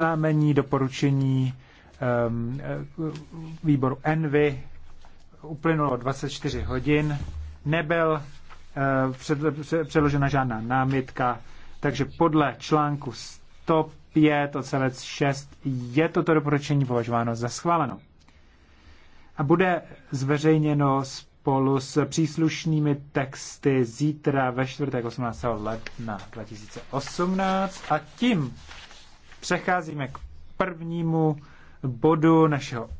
oznámení, doporučení um, výboru Envy uplynulo 24 hodin, nebyl uh, předložena žádná námitka, takže podle článku 105 odstavec 6 je toto doporučení považováno za schváleno. A bude zveřejněno spolu s příslušnými texty zítra ve čtvrtek 18. ledna 2018 a tím Přecházíme k prvnímu bodu našeho